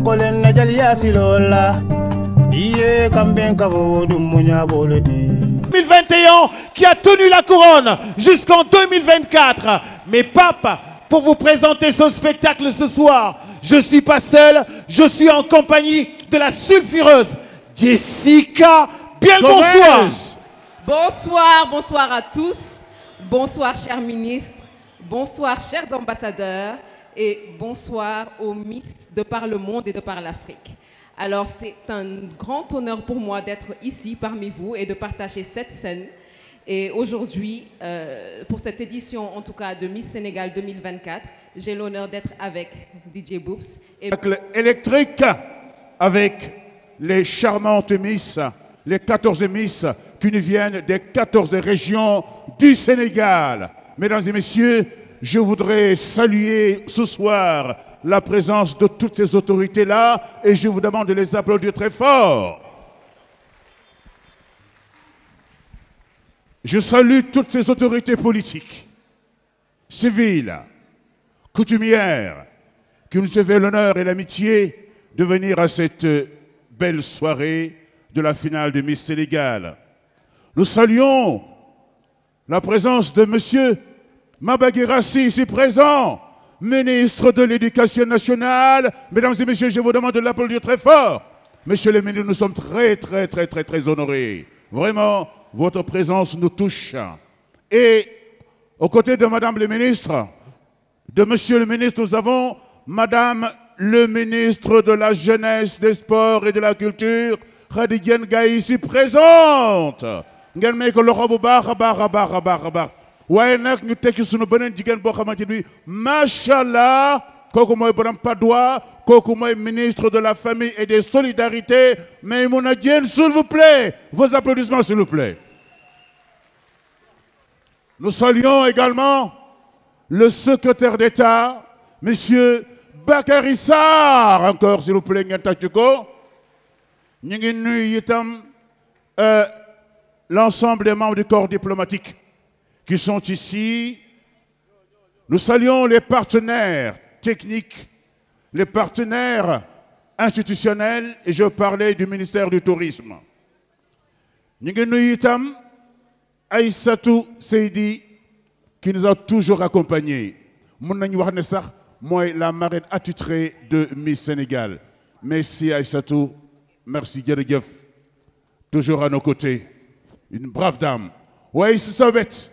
2021 qui a tenu la couronne jusqu'en 2024 mais pape pour vous présenter ce spectacle ce soir je suis pas seul je suis en compagnie de la sulfureuse Jessica bien bonsoir bonsoir bonsoir à tous bonsoir chers ministres bonsoir chers ambassadeurs et bonsoir aux mythes de par le monde et de par l'Afrique. Alors c'est un grand honneur pour moi d'être ici parmi vous et de partager cette scène. Et aujourd'hui, euh, pour cette édition en tout cas de Miss Sénégal 2024, j'ai l'honneur d'être avec DJ Boops. Et... Électrique avec les charmantes Miss, les 14 Miss qui nous viennent des 14 régions du Sénégal. Mesdames et messieurs, je voudrais saluer ce soir la présence de toutes ces autorités-là et je vous demande de les applaudir très fort. Je salue toutes ces autorités politiques, civiles, coutumières, qui nous ont fait l'honneur et l'amitié de venir à cette belle soirée de la finale de Miss Sénégal. Nous saluons la présence de Monsieur Rassi, ici présent, ministre de l'Éducation nationale. Mesdames et messieurs, je vous demande de l'applaudir très fort. Monsieur le ministre, nous sommes très, très, très, très, très honorés. Vraiment, votre présence nous touche. Et aux côtés de Madame le ministre, de Monsieur le ministre, nous avons Madame le ministre de la Jeunesse, des Sports et de la Culture, Radigien Gaï, ici présente waaye nag ñu tekki suñu benen jigen bo xamanteni ni macha allah kooku mooy borom Padois koku moy ministre de la famille et des solidarités Maïmouna Diène s'il vous plaît vos applaudissements s'il vous plaît. Nous saluons également le secrétaire d'État monsieur Bakary Sarr encore s'il vous plaît ngeen tàcc ngi nuyu itam euh, l'ensemble des membres du corps diplomatique qui sont ici. Nous saluons les partenaires techniques, les partenaires institutionnels, et je parlais du ministère du Tourisme. Nous avons Aïssatou Seidi, qui nous a toujours accompagnés. Je moi la marraine attitrée de Miss Sénégal. Merci Aïssatou, merci Djeregev, toujours à nos côtés. Une brave dame. Oui, Bête.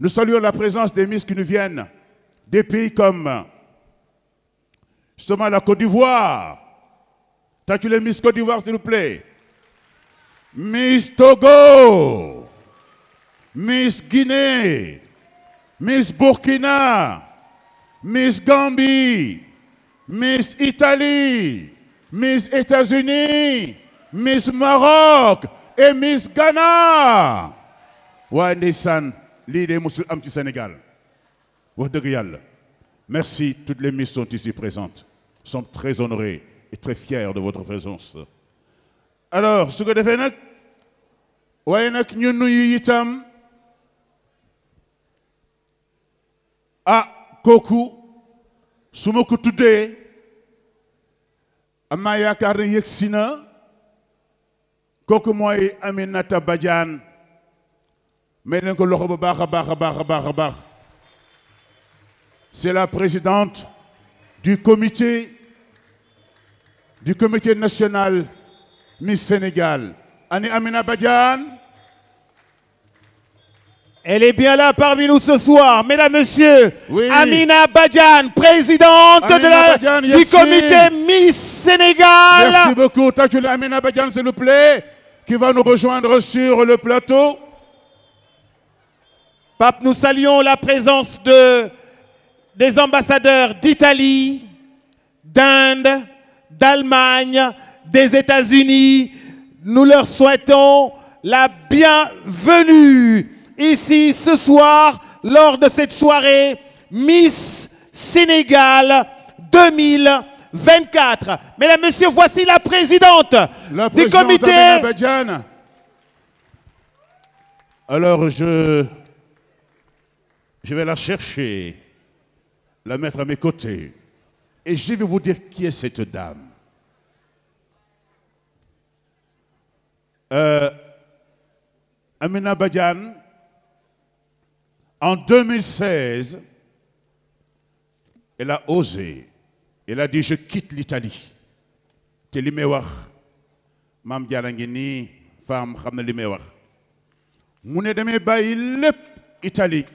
Nous saluons la présence des Miss qui nous viennent des pays comme justement la Côte d'Ivoire. les Miss Côte d'Ivoire, s'il vous plaît. Miss Togo. Miss Guinée. Miss Burkina. Miss Gambie. Miss Italie. Miss États-Unis. Miss Maroc. Et Miss Ghana. Wandesan. L'idée de mosul am Sénégal merci toutes les missions sont ici présentes sont très honorés et très fiers de votre présence alors ce que je nag waaye nag ñu nuyu itam ah Koku, su ma ko tuddee à Koku yaakaar ne Aminata Badiane c'est la présidente du comité du comité national Miss Sénégal Amina Badian. Elle est bien là parmi nous ce soir, mesdames, messieurs. Amina Badian, présidente du comité Miss Sénégal. Merci beaucoup. Tajul Amina Badian, s'il vous plaît, qui va nous rejoindre sur le plateau. Pape, nous saluons la présence de, des ambassadeurs d'Italie, d'Inde, d'Allemagne, des États-Unis. Nous leur souhaitons la bienvenue ici ce soir lors de cette soirée Miss Sénégal 2024. Mesdames, Messieurs, voici la présidente du comité. Alors, je je vais la chercher, la mettre à mes côtés. Et je vais vous dire qui est cette dame. Euh, Amina Badian, en 2016, elle a osé. Elle a dit, je quitte l'Italie. te li may wax femme l'Italie. na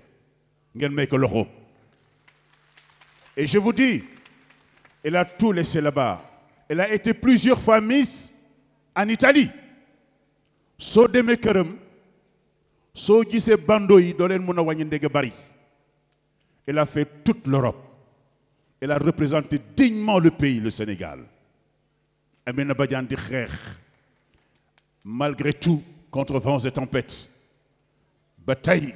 et je vous dis elle a tout laissé là-bas elle a été plusieurs fois mise en Italie elle a fait toute l'Europe elle a représenté dignement le pays le Sénégal malgré tout contre vents et tempêtes bataille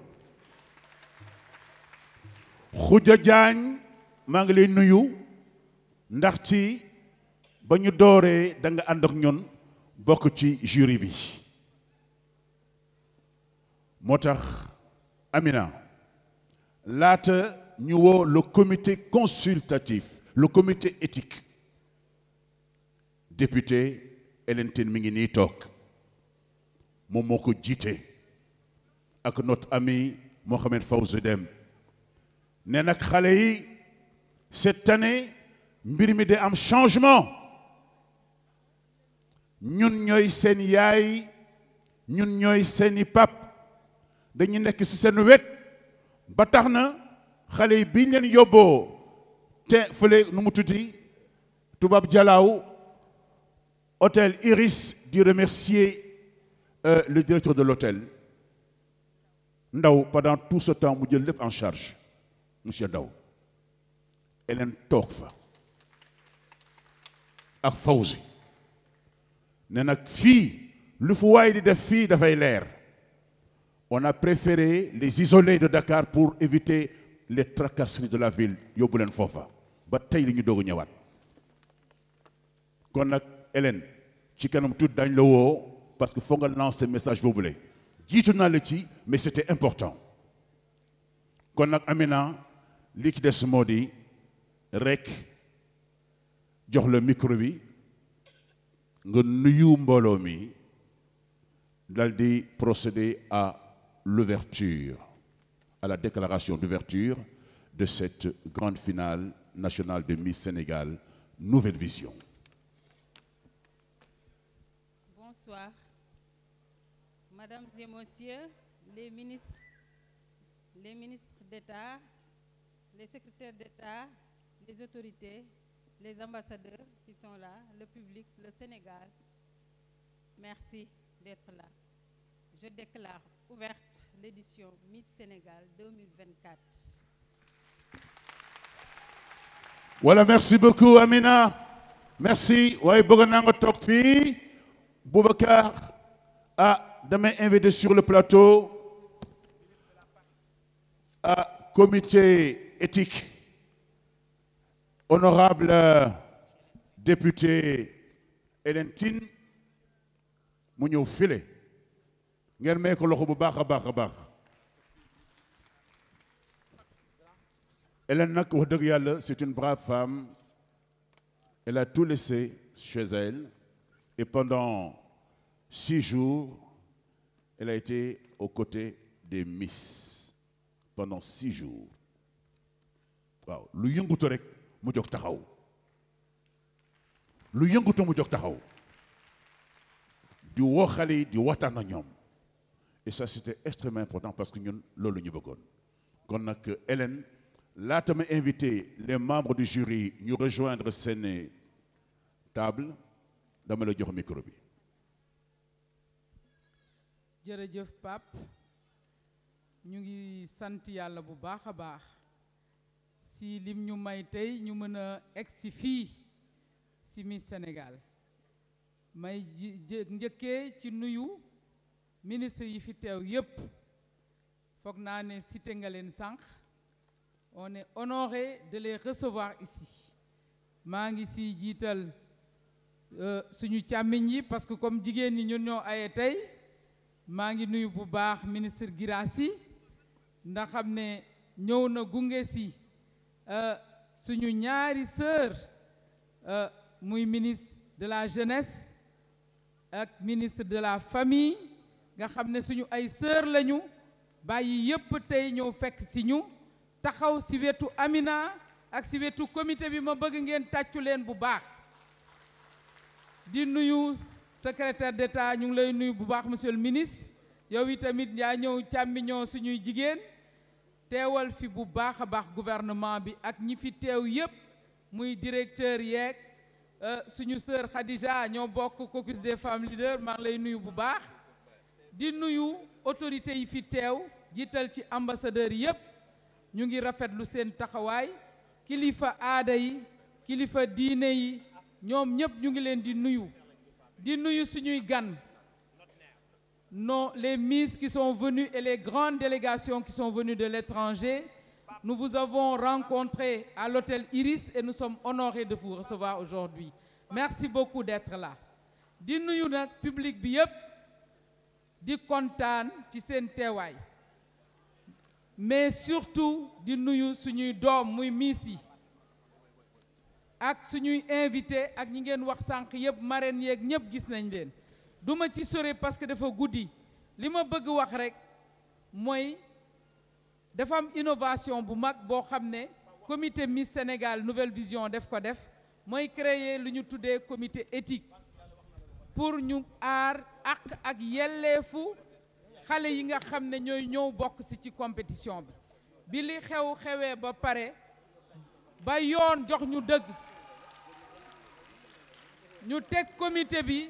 Khoudia Diagne maa ngi lay nuyu ndax ci ba ñu dooree da nga ànd ak ñun ci jury bi moo Amina laata ñu woo le comité consultatif le comité éthique député Hélène Tine mi ngi nii toog moom moo ko ak notre ami Mohamed Fawzi nous Nous cette année Nous de am changement ñun Nous avons yaay ñun sommes Nous pap dañu un ci nous avons ba un changement. Nous avons un changement. Nous avons hôtel Iris di remercier euh, le directeur de l'hôtel pendant tout ce temps nous jël en charge monsieur Daw Hélène Torfa, ak Fawzi ne di on a préféré les isoler de Dakar pour éviter les tracasseries de la ville Vous Fofa. ba tey Hélène ci parce que Fongal nga ce message vous voulez. la mais c'était important kon une Amina L'Ikdesmodi, modi, rec, jox micro procéder à l'ouverture à la déclaration d'ouverture de cette grande finale nationale de Miss Sénégal Nouvelle Vision. Bonsoir. Madame et Messieurs les ministres, les ministres d'État, les secrétaires d'État, les autorités, les ambassadeurs qui sont là, le public, le Sénégal, merci d'être là. Je déclare ouverte l'édition Mythe Sénégal 2024. Voilà, merci beaucoup Amina. Merci. Oui, a demain invité sur le plateau à ah, comité éthique. Honorable euh, député Hélène Tine mu ñëw file ngeen ko loxo bu Hélène c'est une brave femme elle a tout laissé chez elle et pendant six jours elle a été aux côtés des Miss pendant six jours waaw lu yëngutu rek mu jóg taxaw lu yëngutu mu jóg taxaw di woo di waxtaan ak ñoom et ça c'était extrêmement important parce que ñun loolu ñu bëggoon kon nag Hélène laata ma invité les membres du jury ñu rejoindre seen table dama la jox micro bi jërëjëf Pape ñu ngi sant yàlla bu baax a baax si lim ñu may tay ñu mëna a fi ci si Sénégal may njëkkee ci nuyu ministre yi fi tew yépp foog naa ne cité nga leen sànq on est honoré de les recevoir ici maa ngi si jiital euh, suñu càmmiñ yi parce que comme jigéen ñi ñun ñoo aye tey maa ngi nuyu bu baax ministre Guirassy ndax xam ne ñëw na gunge si euh, suñu ñaari sœur euh, muy ministre de la jeunesse ak ministre de la famille nga xamné suñu ay sœur lañu yépp fekk si taxaw si wétu Amina ak si comité bi ma bëgg ngeen leen bu baax di nuyu secrétaire d'État ñu lay nuyu bu baax monsieur le ministre yow téwal fi bu baax a baax gouvernement bi ak ñi fi teew yépp muy directeur yeeg euh, suñu sœur Khadija ñoo bokk caucus des femmes leaders maa ngi lay nuyu bu baax di nuyu autorité yi fi teew jiital ci ambassadeur yépp ñu ngi rafetlu seen taxawaay kilifa aada yi kilifa diine yi ñoom ñépp ñu ngi leen di nuyu di nuyu suñuy gan non, les miss qui sont venues et les grandes délégations qui sont venues de l'étranger. Nous vous avons rencontré à l'hôtel Iris et nous sommes honorés de vous recevoir aujourd'hui. Merci beaucoup d'être là. di nuyu le public bi yëpp di kontaan ci mais surtout di nuyu suñuy doom muy miis yi ak suñuy invité ak ñi et wax nous yëpp marraine yeeg ñëpp gis nañ je suis ci parce que dafa goudi li ma bëgg wax rek dafa am innovation bu mag comité Miss Sénégal Nouvelle Vision def ko def mooy créer comité éthique pour ñu aar àq ak yelleefu yi nga compétition bi bi li xew ba ba comité bi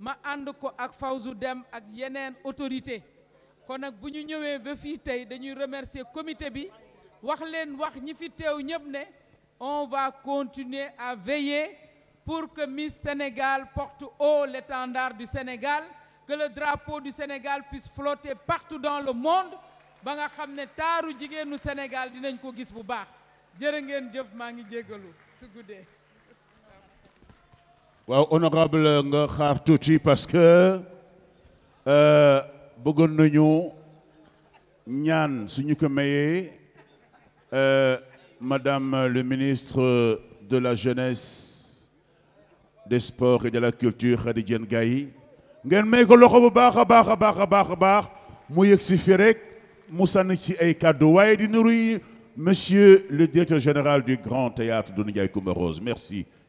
ma and ko ak Fawzu Dem ak yenen autorité kon nag buñu ñëwé ñëwee ba fii dañuy remercier comité bi wax leen wax ñi fi on va continuer à veiller pour que Miss Sénégal porte haut l'étendard du Sénégal que le drapeau du Sénégal puisse flotter partout dans le monde ba nga xamné taru jigéenu Sénégal dinañ ko gis bu baax Jërëngën jëf ma ngi su honorable nga xaar tuuti parce que euh, bëggoon nañu ñaan suñu ko mayee euh, madame le ministre de la jeunesse des sports et de la culture Khady Diène Gaye ngeen may ko loxo bu baax a baax a baax a baax a mu yëg si mu ci ay kàddu waaye di monsieur le directeur général du grand théâtre de Ndiaye Coumba Rose merci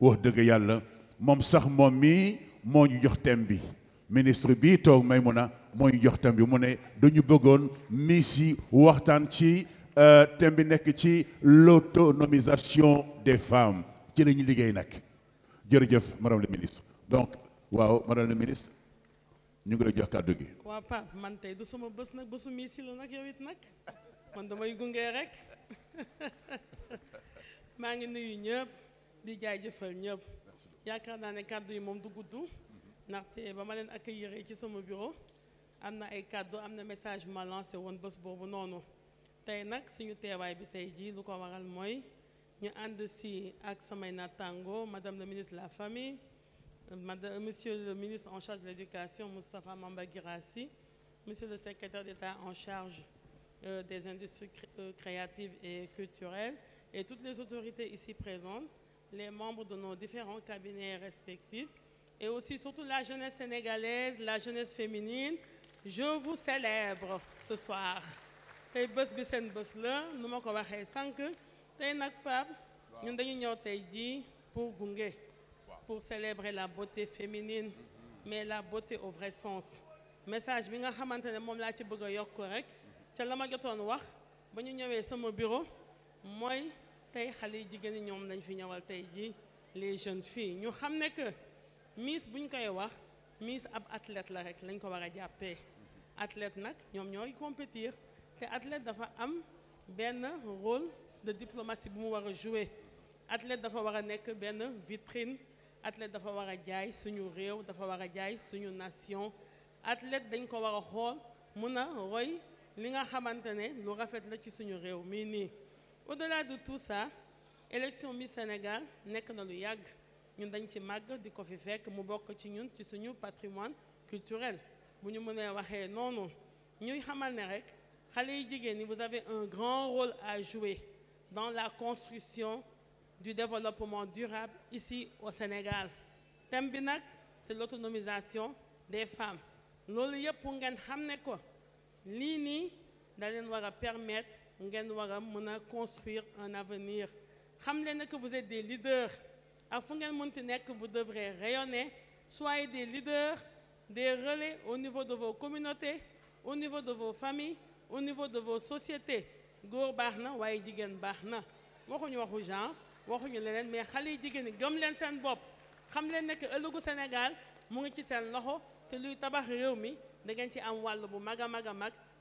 wax deug yalla mom sax mom mi moo ñu jox thème bi ministre bi toog may mun ñu jox thème bi mu ne dañu bëggoon mii si waxtaan ci euh, thème bi nek ci l'autonomisation des femmes ci lañu ñu liggéey nag jërëjëf madame le ministre donc waaw madame le ministre ñu ngi lay jox kàddu gi. waaw Pape man tay du sama bëss nak bésu mii ci la nak yow it nag man damay gungé rek maa ngi nuyu ñëpp di jaajëfal ñëpp yaakaar naa ne cadeau yi moom du gudd ndaxte ba ma accueillir ci sama bureau Amna ay kàddu amna message malin lancé One Boss boobu noonu tey nag suñu téway bi tay ji lu ko waral moy ñu and ci ak samay natango, madame la ministre de la famille madame monsieur le ministre en charge de l'éducation Mustafa Mamba Guirassy monsieur le secrétaire d'État en charge euh, des industries euh, créatives et culturelles et toutes les autorités ici présentes les membres de nos différents cabinets respectifs et aussi surtout la jeunesse sénégalaise, la jeunesse féminine. Je vous célèbre ce soir. tey bés bi seen bés la nu ma ko waxee sànq tey ñun ñëw pour Gungé, pour célébrer la beauté féminine mm-hmm. mais la beauté au vrai sens message bi nga xamante ne moom laa ci bëgg Je rek ca la ma wax ba ñu bureau tay xalé yu jigéen ñoom lañ fi ñëwal tay ji les jeunes filles ñu xamné que Miss buñ koy wax Miss ab athlète la rek lañ ko wara jappé athlète nak ñom ñoy compétir Té athlète dafa am Ben rôle de diplomatie bu mu wara jouer athlète dafa wara a nekk vitrine athlète dafa wara jaay suñu réew dafa wara jaay suñu nation athlète dañ ko wara a xool roy li nga xamante lu rafet la ci suñu réew mi ni au-delà de tout ça l'élection Miss Sénégal n'est na lu le ñun dañ ci màgg di que fi fekk mu bokk ci ñun ci suñu patrimoine culturel Nous avons mënee non. Nous ñuy xamal vous avez un grand rôle à jouer dans la construction du développement durable ici au Sénégal thème c'est l'autonomisation des femmes Nous yëpp ngeen xamné ne ko Li ni nous leen permettre ngeen war a construire un avenir Je que vous êtes des leaders ak fu ngeen vous devrez rayonner soyez des leaders des relais au niveau de vos communautés au niveau de vos familles au niveau de vos sociétés góor baax waye waaye jigéen waxuñu waxu genre waxuñu leneen mais xale yi jigéen ñi gëm leen seen bopp xam len nek que Sénégal mu ngi ci seen loxo te luy tabax réew mi da ngeen ci am walu bu maga a mag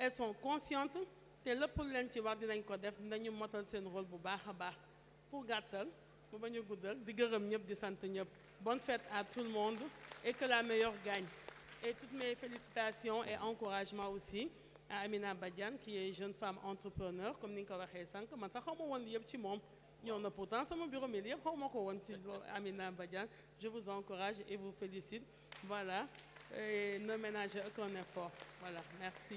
elles sont conscientes te le leen ci war dinañ ko def dinañu motal rôle bu baax a pour gàttal mu bañ guddal di gërëm di bonne fête à tout le monde et que la meilleure gagne et toutes mes félicitations et encouragements aussi à Amina Badiane qui est jeune femme entrepreneur comme ni nga ko waxee sànq man sax xaw ma woon yëpp ci moom pourtant sama bureau mi yëpp xaw ma ko ci Amina Badiane je vous encourage et vous félicite voilà et ne ménagez aucun effort voilà merci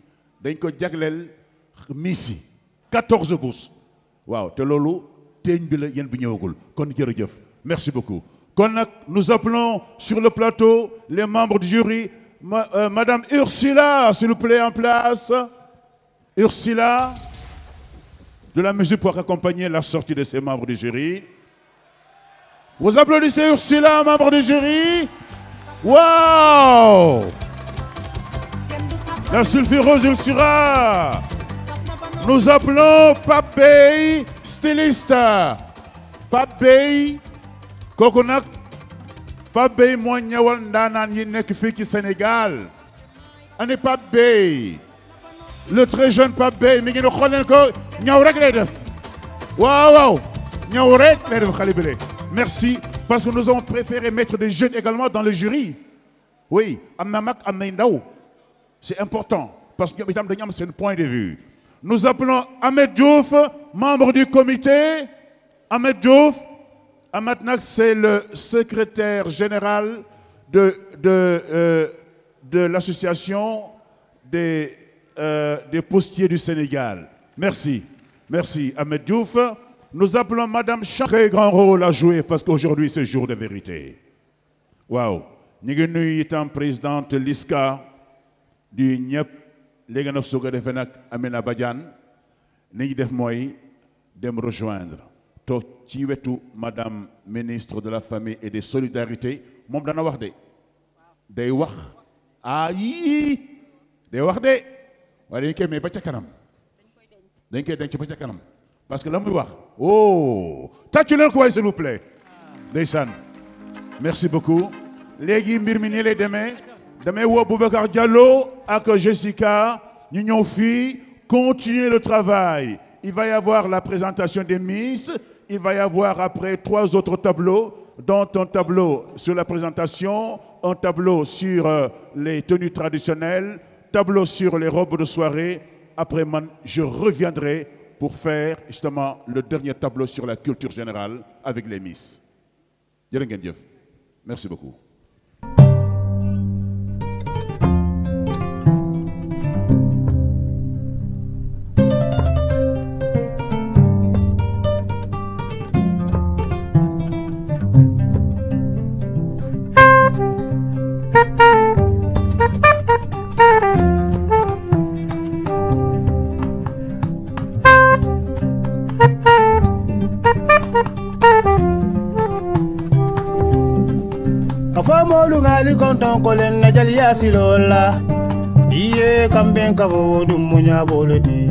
dañ ko waaw te merci beaucoup nous appelons sur le plateau les membres du jury euh, Madame Ursula s'il vous plaît en place Ursula de la musique pour accompagner la sortie de ces membres du jury vous applaudissez Ursula membre du jury Wow! la sulfureuse Ulcura. Nous appelons Papey styliste. Papey Kokonak. Papey Moignawandanan Yinekifiki Sénégal. Anne Pape Papey. Le très jeune Papey. Mais nous connaissons que nous avons Waouh, waouh. Merci parce que nous avons préféré mettre des jeunes également dans le jury. Oui, Amnamak, Amnaindaou. C'est important, parce que c'est un point de vue. Nous appelons Ahmed Diouf, membre du comité. Ahmed Diouf, Ahmed c'est le secrétaire général de, de, euh, l'association des, euh, des postiers du Sénégal. Merci. Merci, Ahmed Diouf. Nous appelons Madame Chan. Très grand rôle à jouer parce qu'aujourd'hui, c'est jour de vérité. Waouh. Nous président présidente l'ISCA du ñep léegi nag su ko defee Amina Badiane ni ñu def moy dem rejoindre toog ci wetu madame ministre de la famille et des solidarités moom dana wax dé day wax ah yii day wax dé waaye dañu koy may ba ca kanam dañ koy denc ba ca kanam parce que lamuy wax oh tàccu leen ko s'il vous plaît Desan, merci beaucoup légui mbir mi ni lay demee Dame woo Boubacar Diallo avec Jessica Nignon fille le travail il va y avoir la présentation des Miss il va y avoir après trois autres tableaux dont un tableau sur la présentation un tableau sur euh, les tenues traditionnelles tableau sur les robes de soirée après je reviendrai pour faire justement le dernier tableau sur la culture générale avec les Miss merci beaucoup silola iye kamben kabo dum munya bolodi